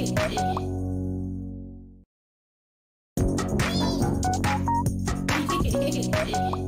Thank you.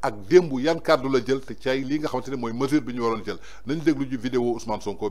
ak démb yan kàddu la jël te cay li nga xam ne mooy mesure bi ñu waroon jël nañ déglu ji vidéo Ousmane Sonko.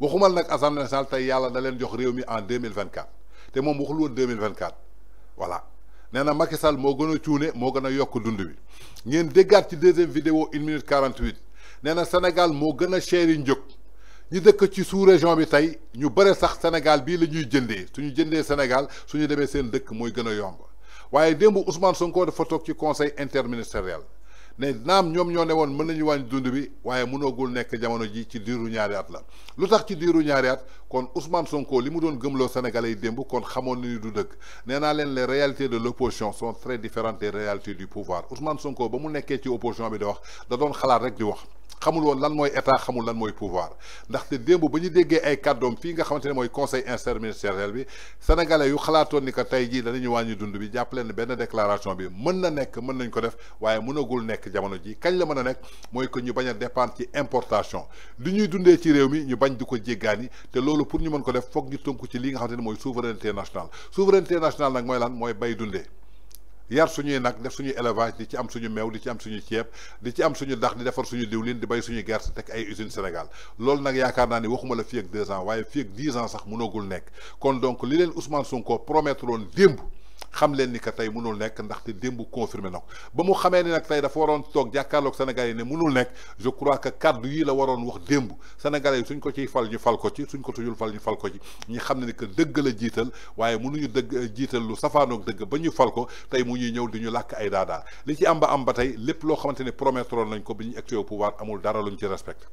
waxumal nag assemblée nationale tey yàlla da leen jox réew mi en deux mille vingt quatre te moom waxul woon deux mille vingt voilà nee na Macky Sall moo gën a cuune moo gën a yokk dund bi ngeen déggaat ci deuxième vidéo une minute quarante huit na Sénégal moo gën a cher yi njëg ñi dëkk ci sous région bi tey ñu bëre sax Sénégal bii la ñuy jëndee suñu jëndee Sénégal suñu demee seen dëkk mooy gën a yomb waaye démb Ousmane Sonko dafa ci conseil interministériel. ne naam ñoom ñoo ne woon mën nañu wàññi dund bi waaye mënoogul nekk jamono ji ci diiru ñaari at la lu tax ci diiru ñaari kon Ousmane Sonko li mu doon gëmloo Sénégalais yi démb kon xamoon ni du dëkk nee naa leen les réalités de l' opposition sont très différentes des réalités du pouvoir Ousmane Sonko ba mu nekkee ci opposition bi da wax da doon xalaat rek di wax xamuloon lan mooy état xamul lan mooy pouvoir ndaxte démb ba ñu déggee ay kàddoom fii nga xamante ne mooy conseil interministériel bi sénégalais yu xalaatoon ni que tey jii danañu wàññi dund bi jàpp leen benn déclaration bi mën na nekk mën nañ ko def waaye mënagul nekk jamono jii kañ la mën a nekk mooy que ñu bañ a dépendre ci importation li ñuy dundee ci réew mi ñu bañ di ko jéggaani te loolu pour ñu mën ko def foog ñu tunk ci li nga xam ne mooy souveraineté nationale souveraineté nationale nag mooy lan mooy bay dundee. yar suñuy nag def suñuy élevage di ci am suñu meew di ci am suñu ceeb di ci am suñu ndax di defar suñu diwlin di bay suñu gerte teg ay usine Sénégal loolu nag yaakaar naa ni waxuma la fii ak deux ans waaye fii ak dix ans sax mënagul nekk kon donc li leen Ousmane Sonko promettre woon démb xam leen ni que tey mënul nekk ndaxte démb confirmé na ba mu xamee ni nag tey dafa waroon toog jàkkaarloog Sénégal yi ne mënul nekk je crois que kàddu yi la waroon wax démb Sénégalais yi suñ ko ciy fal ñu fal ko ci suñ ko tujul fal ñu fal ko ci ñi xam ne ni que dégg la jiital waaye mënuñu dëgg jiital lu safaanoog dëgg ba ñu fal ko tey mu ñuy ñëw di ñu làkk ay daadaa li ci am ba am ba tey lépp loo xamante ne promettroon nañ ko bi ñu egg au pouvoir amul dara luñ ci respecté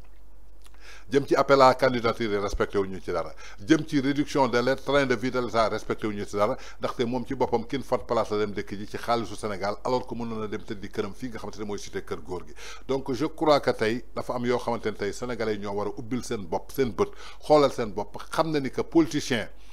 jëm ci appel à candidature respecté wu ci dara jëm ci réduction de le train de vie respecté wu ci dara ndaxte mom ci bopam kin fat place la dem dekk ji ci xaalisu Sénégal alors que mënoon na dem tëddi kërëm fi nga xamante moy cité kër góor gi donc je crois que tay dafa am yo xamante tay sénégalais ñoo wara ubbil sen bop sen beut xolal sen bop xam na ni que politicien